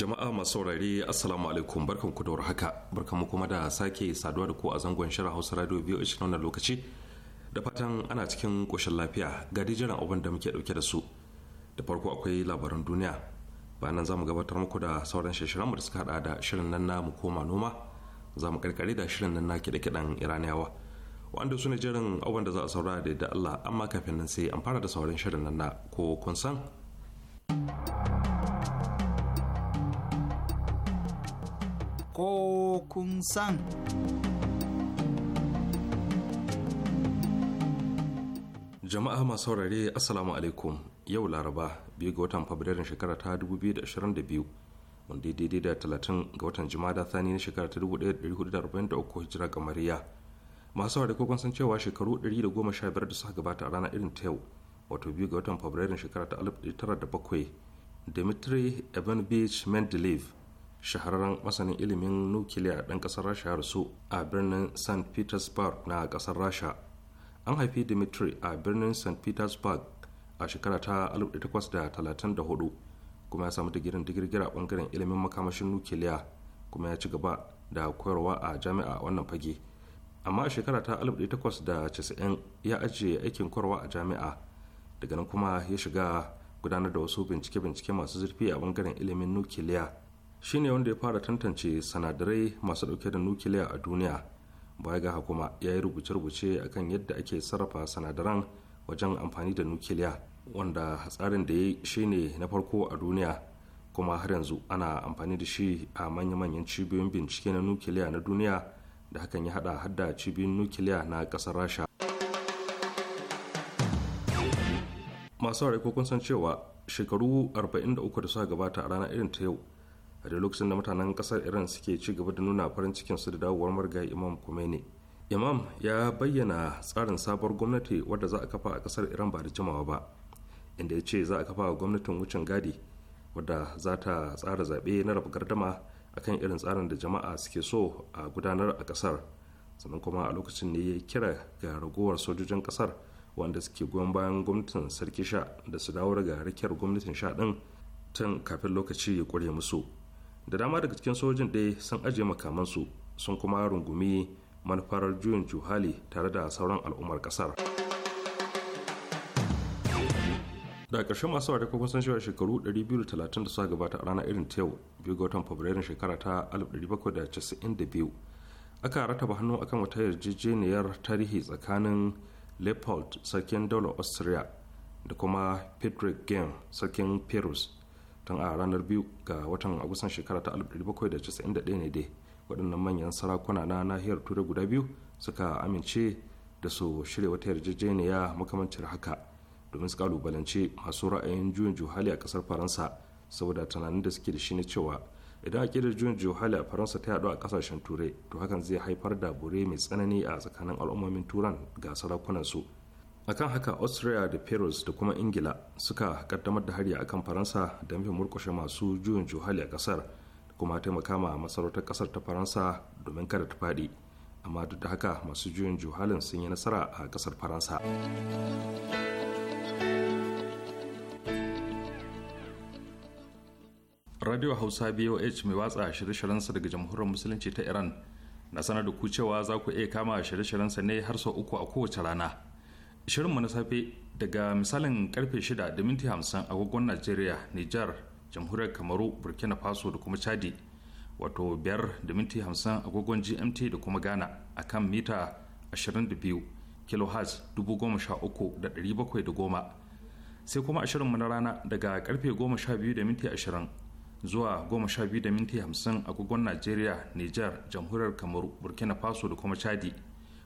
jama'a masu saurari assalamu alaikum barkan ku da haka barkan mu kuma da sake saduwa da ku a zangon shirin hausa radio biyu a wannan lokaci da fatan ana cikin koshin lafiya ga jiran abin da muke dauke da su da farko akwai labaran duniya bayan za mu gabatar muku da sauran shirin mu da suka hada da shirin nan na mu koma noma za mu karkare da shirin nan na kiɗe-kiɗen iraniyawa wanda su ne jiran abin da za a saurara da Allah amma kafin nan sai an fara da sauran shirin nan na ko kun san. ko kun san. Jama'a masu saurare Assalamu alaikum yau Laraba biyu ga watan Fabrairun shekara ta 2022 wanda daidai da 30 ga watan Jumada Thani na shekara ta 1443 hijira ga Mariya. Masu saurare kokon san cewa shekaru 115 da suka gabata a ranar irin ta wato biyu ga watan Fabrairun shekara ta 1907 Dimitri Ivanovich Mendeleev shahararren masanin ilimin nukiliya ɗan ƙasar rasha rasu a birnin st petersburg na ƙasar rasha an haifi dimitri a birnin st petersburg a shekara ta 1834 kuma ya samu digirin digirgira bangaren ilimin makamashin nukiliya kuma ya ci gaba da koyarwa a jami'a wannan fage amma a shekara ta 1890 ya ajiye aikin koyarwa a jami'a daga nan kuma ya shiga gudanar da wasu bincike-bincike masu zurfi a bangaren ilimin nukiliya shine wanda ya fara tantance sanadarai masu dauke da nukiliya a duniya baya ga kuma ya yi rubuce-rubuce akan yadda ake sarrafa sanadaran wajen amfani da nukiliya wanda tsarin da ya yi shine na farko a duniya kuma har yanzu ana amfani da shi a manya-manyan cibiyoyin bincike na nukiliya na duniya da hakan ya hada hadda cibiyoyin nukiliya na kasar rasha masu ko kun san cewa shekaru 43 da suka gabata a ranar irin ta yau a duk lokacin da mutanen kasar iran suke ci gaba da nuna farin cikin su da dawowar marga imam khomeini imam ya bayyana tsarin sabuwar gwamnati wadda za a kafa a kasar iran ba da jimawa ba inda ya ce za a kafa gwamnatin wucin gadi wadda za ta tsara zaɓe na raba gardama akan irin tsarin da jama'a suke so a gudanar a kasar sannan kuma a lokacin ne ya kira ga ragowar sojojin kasar wanda suke goyon bayan gwamnatin sarki sha da su dawo daga rikiyar gwamnatin sha din tun kafin lokaci ya kure musu da dama daga cikin sojin dai sun ajiye makamansu sun kuma rungumi manufar juyin juhali tare da sauran al'ummar kasar da ƙarshen masu wata kuma sun shiga shekaru 230 da suka gabata a ranar irin ta yau biyu ga watan fabrairun shekara ta 1792 aka rataba hannu akan wata yarjejeniyar tarihi tsakanin leopold sarkin daular austria da kuma patrick game sarkin perus tun a ranar biyu ga watan agustan shekara ta 1791 ne dai waɗannan manyan sarakuna na nahiyar turai guda biyu suka amince da su shirya wata yarjejeniya makamancin haka domin su kalubalance masu ra'ayin juyin juhali a ƙasar faransa saboda tunanin da suke da shi ne cewa idan a da juyin juhali a faransa ta yaɗu a ƙasashen turai to hakan zai haifar da bure mai tsanani a tsakanin al'ummomin turan ga sarakunansu akan haka austria da paris da kuma ingila suka kaddamar da hari akan faransa da bin murkushe masu juyin juhali a kasar da kuma taimaka ma masarautar kasar ta faransa domin kada ta fadi amma duk da haka masu juyin juhalin sun yi nasara a kasar faransa radio hausa boh mai watsa shirye-shiryensa daga jamhuriyar musulunci ta iran na sanar da ku cewa za ku iya kama shirye-shiryensa ne har sau uku a kowace rana mu na safe daga misalin karfe 6 da minti 50 agogon najeriya nijar jamhuriyar kamaru burkina faso da kuma chadi wato 5:50 da minti 50 agogon gmt da kuma ghana akan mita 22 kHz 13710 sai kuma shirin mu na rana daga karfe 12.20 zuwa 12.50 agogon najeriya nijar jamhuriyar kamaru burkina faso da kuma chadi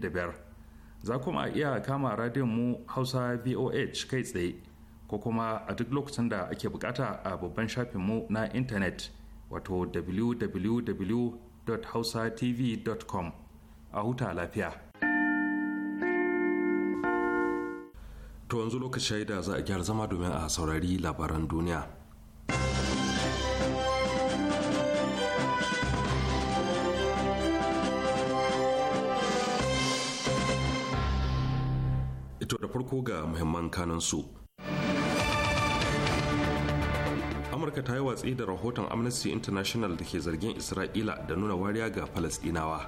biyar za kuma a iya kama radiyon mu hausa voh kai tsaye ko kuma a duk lokacin da ake bukata a babban mu na intanet wato www.hausatv.com a huta lafiya to yanzu lokaci da za a gyara zama domin a saurari labaran duniya Ito da farko ga muhimman su. Amurka ta yi watsi da rahoton Amnesty International da ke zargin Isra'ila da nuna wariya ga Falasɗinawa.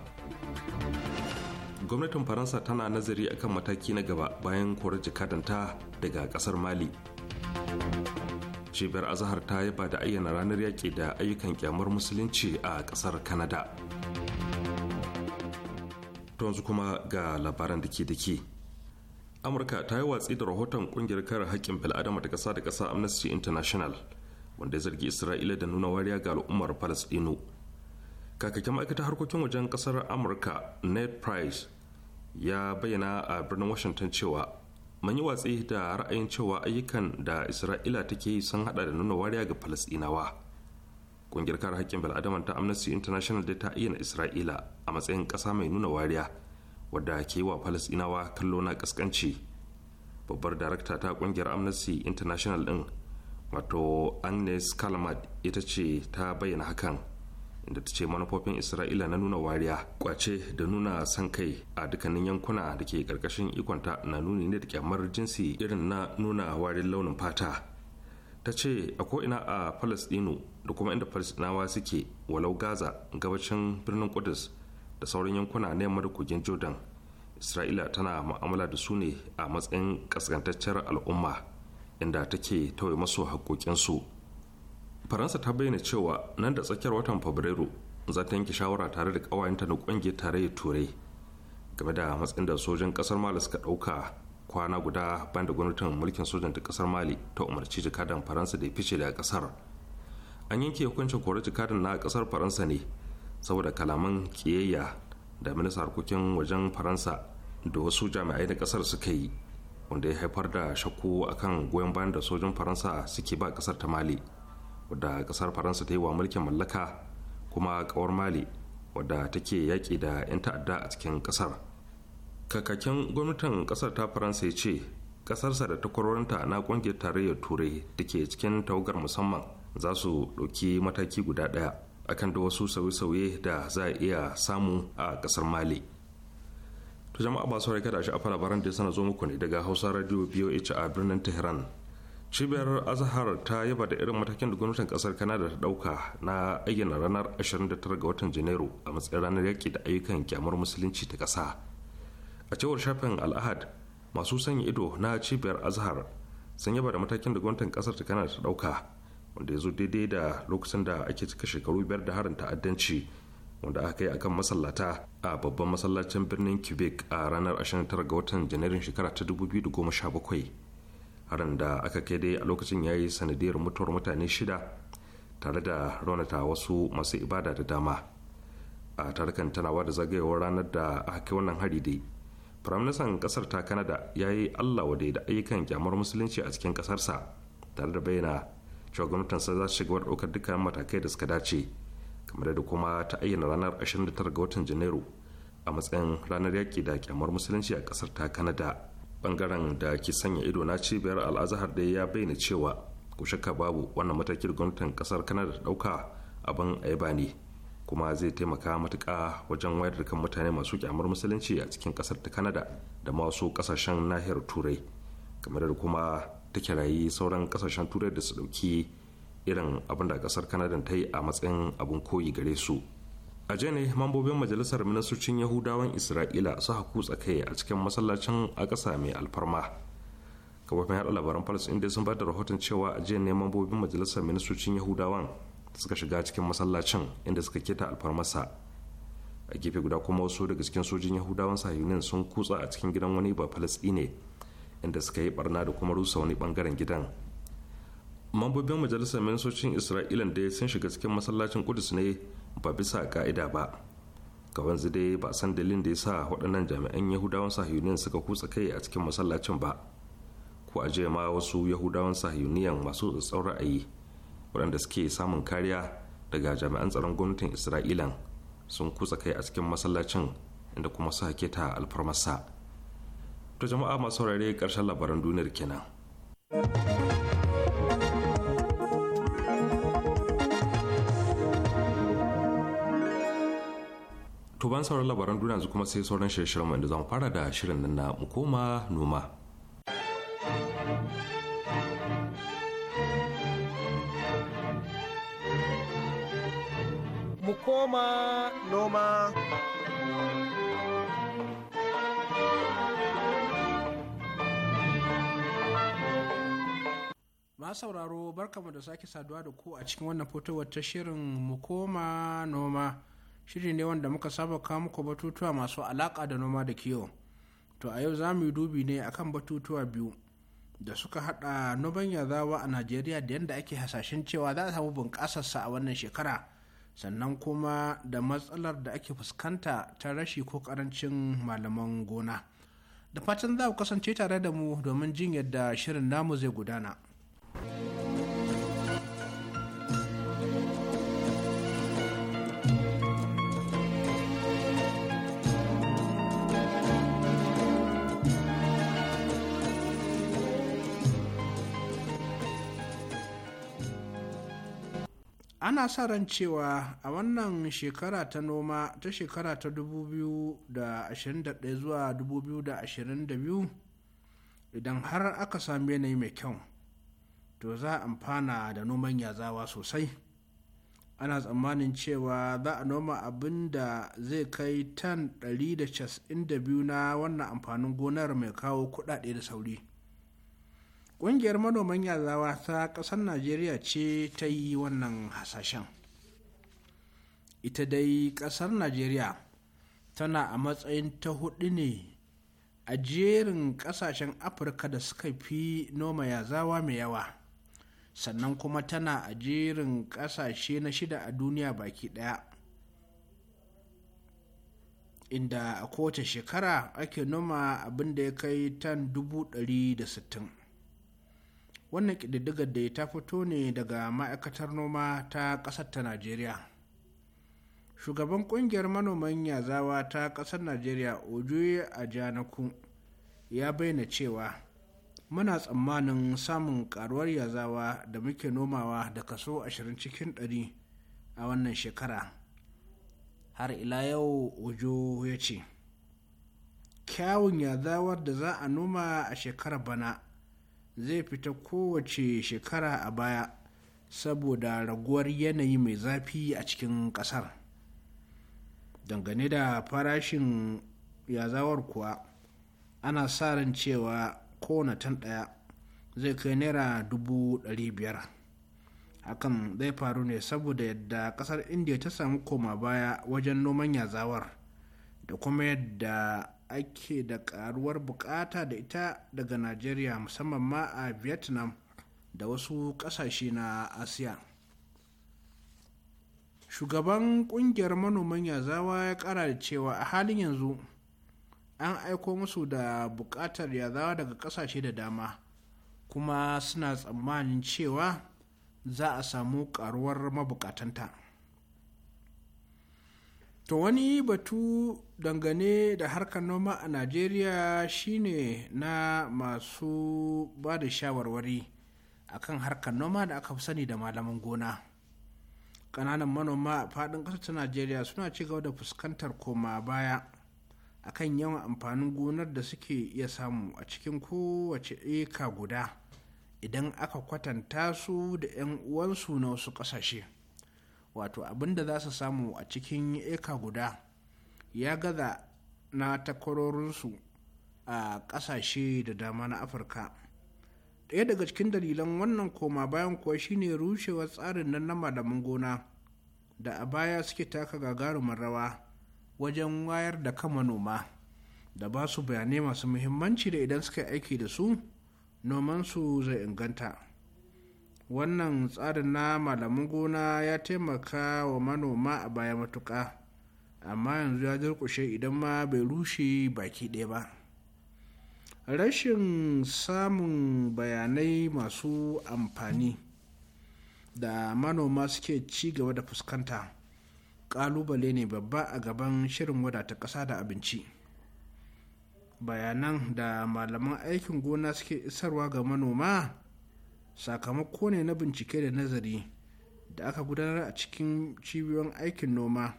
Gwamnatin Faransa tana nazari akan mataki na gaba bayan korar jikadanta daga ƙasar Mali. cibiyar azahar ta yaba da ayyana ranar yaƙi da ayyukan kyamar musulunci a ƙasar kanada to yanzu kuma ga labaran da ke da ke amurka ta yi watsi da rahoton kungiyar kare haƙƙin bil'adama da ƙasa da ƙasa amnesty international wanda ya zargi isra'ila da nuna wariya ga al'ummar palestino kakakin ma'aikatar harkokin wajen ƙasar amurka ned price ya bayyana a birnin washington cewa mun yi watsi da ra'ayin cewa ayyukan da isra'ila take yi sun hada da nuna wariya ga palestinawa kungiyar kare haƙƙin bil'adaman ta amnesty international da ta ayyana isra'ila a matsayin ƙasa mai nuna wariya wadda ke wa falasɗinawa kallo na kaskanci babbar darakta ta ƙungiyar amnesty international ɗin wato agnes kalamat ita ce ta bayyana hakan inda ta ce manufofin isra'ila na nuna wariya kwace da nuna san kai a dukkanin yankuna da ke karkashin ikonta na nuni ne da kyamar jinsi irin na nuna warin launin fata ta ce a ko'ina a falasdino da kuma inda falasdinawa suke walau gaza gabacin birnin kudus da sauran yankuna na kogin jordan isra'ila tana ma'amala da su ne a matsayin ƙasƙantaccen al'umma inda take tauye masu haƙoƙinsu faransa ta bayyana cewa nan da tsakiyar watan fabrairu za ta yanke shawara tare da ƙawayenta na ƙungiyar tarayyar turai game da matsayin da sojan ƙasar mali suka ɗauka kwana guda ban da gwamnatin mulkin sojan ta ƙasar mali ta umarci jikadan faransa da ya fice daga ƙasar an yanke hukuncin kore jikadan na ƙasar faransa ne saboda kalaman kiyayya da ministan harkokin wajen faransa da wasu jami'ai na kasar suka yi wanda ya haifar da shakku akan goyon bayan da sojin faransa suke ba kasar ta mali wadda kasar faransa ta yi wa mulkin mallaka kuma kawar mali wadda take yaƙi da 'yan ta'adda a cikin kasar kakakin gwamnatin kasar ta faransa ya ce kasarsa da takwarorinta na ƙungiyar tarayyar turai da ke cikin tawagar musamman za su ɗauki mataki guda ɗaya akan da wasu sauye-sauye da za a iya samu a kasar mali to jama'a ba su kada shi a labaran da sana zo muku ne daga hausa radio boh a birnin tehran cibiyar azahar ta yaba da irin matakin da gwamnatin kasar kanada ta dauka na ayyana ranar 29 ga watan janairu a matsayin ranar yaƙi da ayyukan kyamar musulunci ta ƙasa a cewar shafin al'ahad masu sanya ido na cibiyar azahar sun yaba da matakin da gwamnatin kasar ta kanada ta dauka wanda ya zo daidai da lokacin da ake cika shekaru biyar da harin ta'addanci wanda aka yi akan masallata a babban masallacin birnin quebec a ranar 29 ga watan janairun shekara ta 2017 harin da aka kai dai a lokacin ya yi sanadiyar mutuwar mutane shida tare da raunata wasu masu ibada da dama a tarkan tanawa da zagayowar ranar da aka kai wannan hari dai firaministan kasar ta kanada ya yi allah wade da ayyukan kyamar musulunci a cikin kasarsa tare da bayyana cewa gwamnatin sa za ta shiga ɗaukar dukkan matakai da suka dace kamar da kuma ta ayyana ranar 29 ga watan janairu a matsayin ranar yaƙi da kyamar musulunci a ƙasar ta kanada bangaren da ke sanya ido na cibiyar al'azahar da ya bayyana cewa ku shakka babu wannan matakin gwamnatin ƙasar kanada ta ɗauka abin yaba ne kuma zai taimaka matuƙa wajen wayar da kan mutane masu kyamar musulunci a cikin ƙasar ta kanada da masu ƙasashen nahiyar turai kamar da kuma ta kirayi sauran kasashen turai da su dauki irin abin da kasar kanada ta yi a matsayin abun koyi gare su a ne mambobin majalisar ministocin yahudawan isra'ila su haku kai a cikin masallacin a ƙasa mai alfarma kafofin yaɗa labaran falis inda sun ba da rahoton cewa a ne mambobin majalisar ministocin yahudawan suka shiga cikin masallacin inda suka keta alfarmasa a gefe guda kuma wasu daga cikin sojin yahudawan sahiyunin sun kutsa a cikin gidan wani ba ne. inda suka yi barna da kuma rusa wani bangaren gidan mambobin majalisar ministocin isra'ila da sun shiga cikin masallacin kudus ne ba bisa ka'ida ba ga wanzu dai ba san dalilin da ya sa waɗannan jami'an yahudawan sahiyunin suka kutsa kai a cikin masallacin ba ko a jiya ma wasu yahudawan sahiyuniyan masu tsatsauran ra'ayi waɗanda suke samun kariya daga jami'an tsaron gwamnatin isra'ilan sun kutsa kai a cikin masallacin inda kuma suka keta alfarmarsa to jama'a masu saurare karshen labaran duniyar kenan to ban sauran labaran duniya yanzu kuma sai sauran shirye-shiryen za zamu fara da shirin nan na mukoma noma mu noma ma sauraro barkamu da sake saduwa da ku a cikin wannan fitowar ta shirin mu koma noma shiri ne wanda muka saba kawo muku batutuwa masu alaka da noma da kiwo to a yau za mu yi dubi ne akan batutuwa biyu da suka hada noman yazawa a najeriya da yadda ake hasashen cewa za a samu bunƙasarsa a wannan shekara sannan kuma da matsalar da ake fuskanta ta rashi ko karancin malaman gona da fatan za ku kasance tare da mu domin jin yadda shirin namu zai gudana. ana sa ran cewa a wannan shekara ta noma ta shekara ta 2021 zuwa 2022 idan har aka sami yanayi mai kyau to za a amfana da noman yazawa sosai ana tsammanin cewa za a noma abin da zai kai tan 192 na wannan amfanin gonar mai kawo kudade da sauri ƙungiyar manoman yazawa ta ƙasar najeriya ce ta yi wannan hasashen ita dai ƙasar najeriya tana a matsayin ta hudu ne a jerin ƙasashen afirka da suka fi noma yazawa mai yawa sannan kuma tana a jerin ƙasashe na shida a duniya baki ɗaya inda a kowace shekara ake noma abin da ya kai tan sittin. wannan ƙididdigar da ta fito ne daga ma'aikatar noma ta ƙasar ta najeriya shugaban ƙungiyar manoman yazawa ta ƙasar najeriya ojoye a janaku ya bayyana cewa muna tsammanin samun karuwar yazawa da muke nomawa da kaso 20 cikin 100 a wannan shekara har ila yau ojo ya ce kyawun yazawar da za a noma a shekarar bana zai fita kowace shekara a baya saboda raguwar yanayi mai zafi a cikin ƙasar dangane da farashin yazawar kuwa ana sa ran cewa kowane tan ɗaya zai kai naira dubu ɗari biyar hakan zai faru ne saboda yadda ƙasar india ta samu koma baya wajen noman yazawar da kuma yadda ake da ƙaruwar buƙata da ita daga nigeria musamman ma a vietnam da wasu ƙasashe na asiya shugaban kungiyar manoman yazawa ya kara da cewa a halin yanzu an aiko musu da buƙatar yazawa daga ƙasashe da dama kuma suna tsammanin cewa za a samu ƙaruwar mabukatanta to wani batu dangane da harkar noma a najeriya shine na masu ba da shawarwari akan harkar noma da aka fi sani da malaman gona ƙananan manoma a fadin ƙasar ta najeriya suna ci gaba da fuskantar koma baya akan yawan amfanin gonar da suke iya samu a cikin kowace eka guda idan aka kwatanta su da 'yan uwansu na wasu ƙasashe wato abin da za su samu a cikin eka guda ya gaza na takwarorinsu a ƙasashe da dama na afirka ɗaya daga cikin dalilan wannan koma bayan kuwa shine rushewar tsarin nan na malamin gona da a baya suke taka gagarumin rawa wajen wayar da kan manoma da ba su bayanai masu muhimmanci da idan suka aiki da su noman su zai inganta wannan tsarin na malamin gona ya taimaka wa manoma a baya matuƙa amma yanzu ya durƙushe idan ma bai rushe baki ɗaya ba rashin samun bayanai masu amfani da manoma suke ci gaba da fuskanta ƙalubale ne babba a gaban shirin wadata ƙasa da abinci bayanan da malaman aikin gona suke isarwa ga manoma sakamako ne na bincike da nazari da aka gudanar a cikin cibiyoyin aikin noma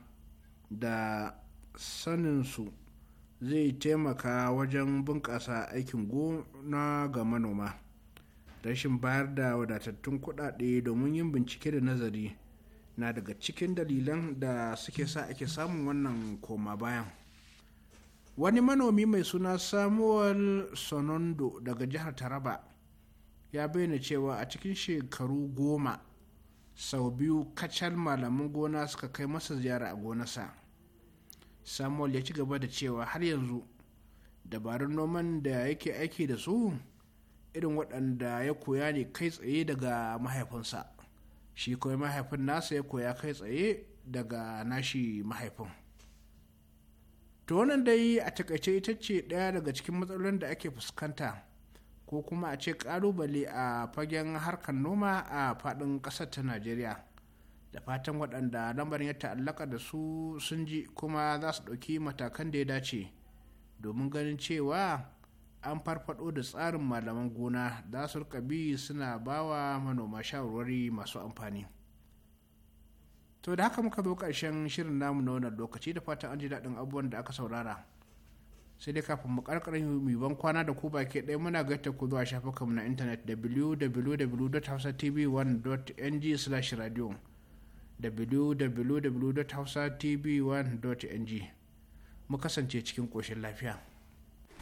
da saninsu zai taimaka wajen bunƙasa aikin gona ga manoma rashin bayar da wadatattun kuɗaɗe domin yin bincike da nazari na daga cikin dalilan da suke sa ake samun wannan koma bayan wani manomi mai suna samuel sonondo daga jihar taraba ya bayyana cewa a cikin shekaru goma sau biyu kacal malaman gona suka kai masa ziyara a gonarsa samuel ya ci gaba da cewa har yanzu dabarun noman da yake aiki da su irin waɗanda ya koya ne kai tsaye daga mahaifinsa shi kuma mahaifin nasa ya koya kai tsaye daga nashi mahaifin to wannan dai a takaice ita ce ɗaya daga cikin matsalolin da ake fuskanta ko kuma a ce ƙalubale a fagen harkar noma a faɗin ƙasar ta najeriya da fatan waɗanda lambarin ya ta'allaka da su sun ji kuma za su ɗauki matakan da ya dace domin ganin cewa an farfado da tsarin malaman gona da su bi suna bawa manoma shawarwari masu amfani to da haka muka zo karshen shirin namu na wannan lokaci da fatan an ji daɗin abubuwan da aka saurara sai dai kafin mu karkarin mai ban kwana da ku baki ɗaya muna gaita ku zuwa shafukanmu na intanet www.hausatv1.ng slash radio www.hausatv1.ng mu kasance cikin ƙoshin lafiya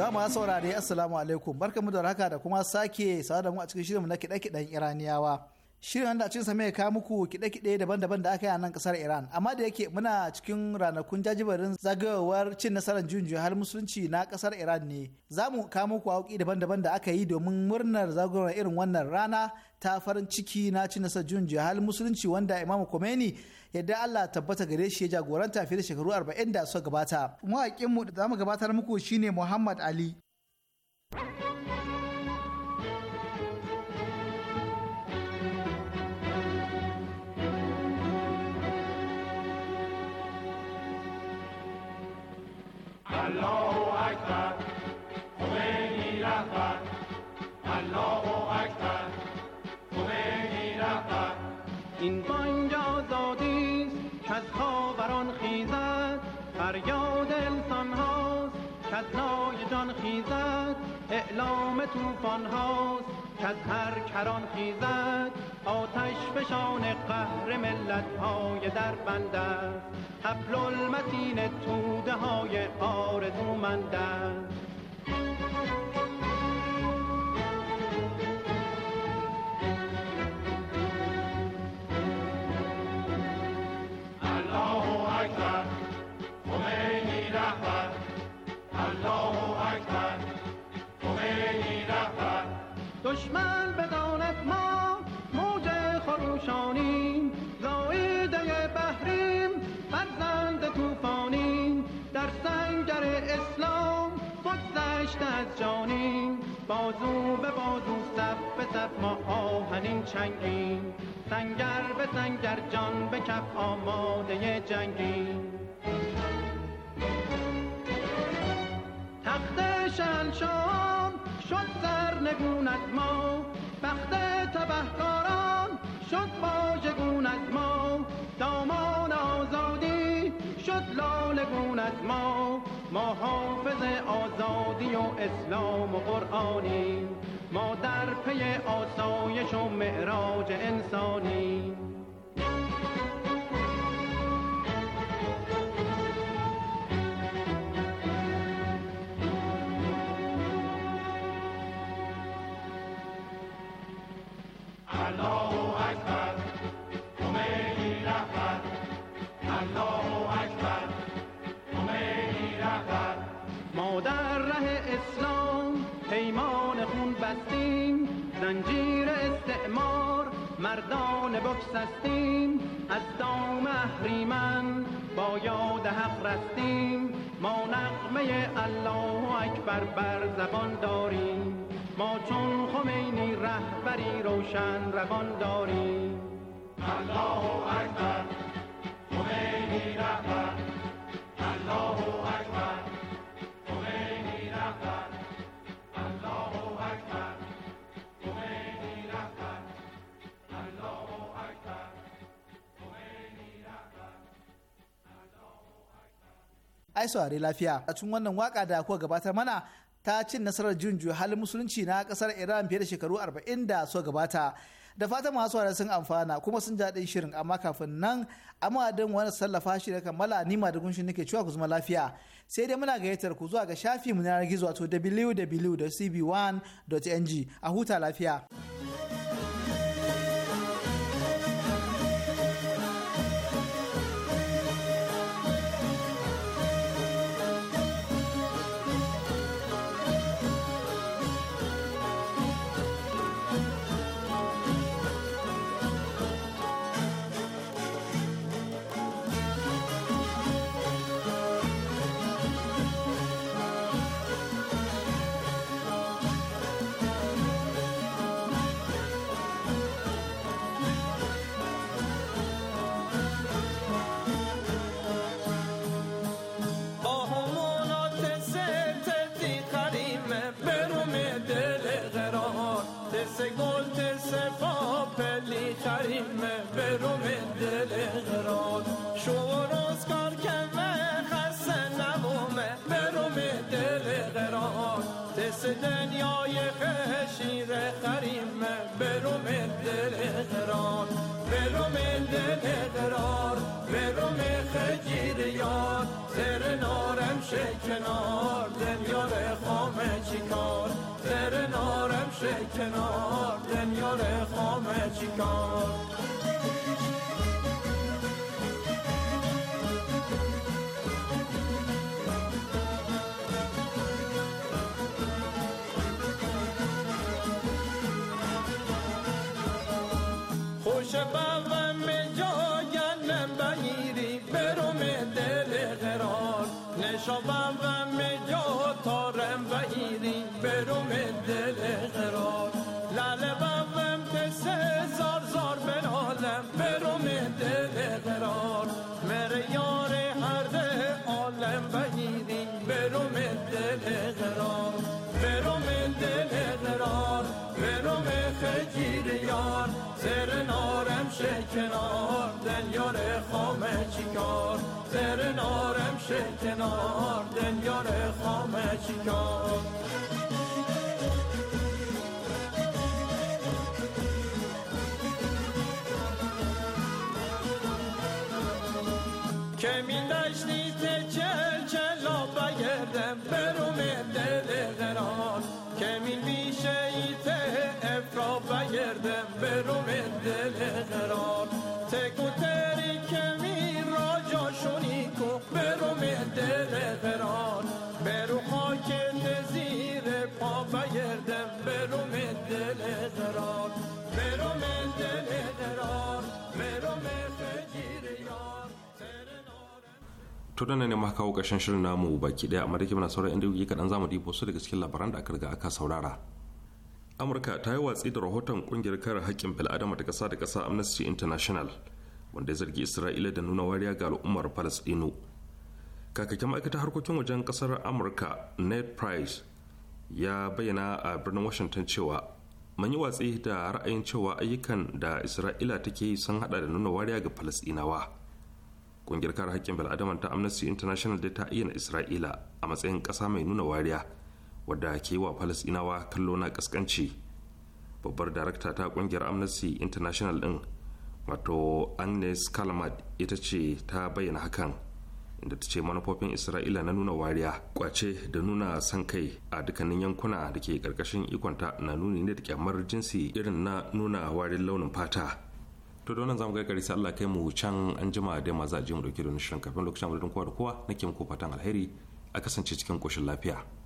Za mu saurare Assalamu alaikum mu da haka da kuma sake sawa da mu a cikin shirin na kiɗe-kiɗen Iraniyawa. Shirin wanda cikin sa mai kawo muku kiɗe-kiɗe daban-daban da aka yi a nan ƙasar Iran. Amma da yake muna cikin ranakun jajibarin zagayowar cin nasarar juyin har musulunci na kasar Iran ne. Za mu kawo muku hauki daban-daban da aka yi domin murnar zagayowar irin wannan rana ta farin ciki na ci nasa jun jihar musulunci wanda imamu Khomeini yadda Allah tabbata gare shi ya jagoranta fiye da shekaru arba'in da suka gabata. Mawaƙinmu mu da zamu gabatar muku shine Muhammad Ali. Allahu Akbar, Khomeini Allahu اعلام توفان هاست که از هر کران خیزد آتش فشان قهر ملت های در بند است حبل المتین توده های آرزومند است از ما ما حافظ آزادی و اسلام و قرآنی ما در پی آسایش و معراج انسانی، زنجیر استعمار مردان هستیم از دام اهریمن با یاد حق رستیم ما نقمه الله اکبر بر زبان داریم ما چون خمینی رهبری روشن روان داریم الله اکبر خمینی رهبر ai saurari lafiya a cikin wannan waka da kuka gabatar mana ta cin nasarar jin halin musulunci na kasar iran fiye da shekaru 40 da suka gabata da fatan masu wani sun amfana kuma sun ji daɗin shirin amma kafin nan amma don wani sallafa shi da kammala ni ma da gunshin nake cewa ku zama lafiya sai dai muna gayyatar ku zuwa ga shafi mu na gizo wato www.cb1.ng a huta lafiya. دل خامه چیکار خوش بغم جاینم بگیری بروم دل قرار نشا بغم جا تارم بگیری بروم دل خامه چیکار زر نارم شه کنار دنیار خامه چیکار که می دشتی چه to da ne maka kawo ƙarshen shirin namu baki daya amma dake muna sauraron inda yake kaɗan zamu dibo su daga cikin labaran da aka riga aka saurara amurka ta yi watsi da rahoton kungiyar kare haƙƙin bil'adama da ƙasa da ƙasa amnesty international wanda ya zargi isra'ila da nuna wariya ga al'ummar palestino kakakin ma'aikatar harkokin wajen ƙasar amurka ned price ya bayyana a birnin washington cewa mun yi watsi da ra'ayin cewa ayyukan da isra'ila take yi sun hada da nuna wariya ga palestinawa. kungiyar kare haƙƙin bil'adama ta amnesty international da ta ayyana isra'ila a matsayin ƙasa mai nuna wariya wadda ke wa falasɗinawa kallo na ƙasƙanci babbar darakta ta kungiyar amnesty international din, wato agnes kalmad ita ce ta bayyana hakan inda ta ce manufofin isra'ila na nuna wariya kwace da nuna san kai a dukkanin yankuna da ke ƙarƙashin ikonta na nuni ne da kyamar jinsi irin na nuna warin launin fata to donan zamu ga karisa Allah kai mu can an jima da maza je mu dauke da shirin kafin lokacin mu da kowa da kowa nake muku fatan alheri a kasance cikin koshin lafiya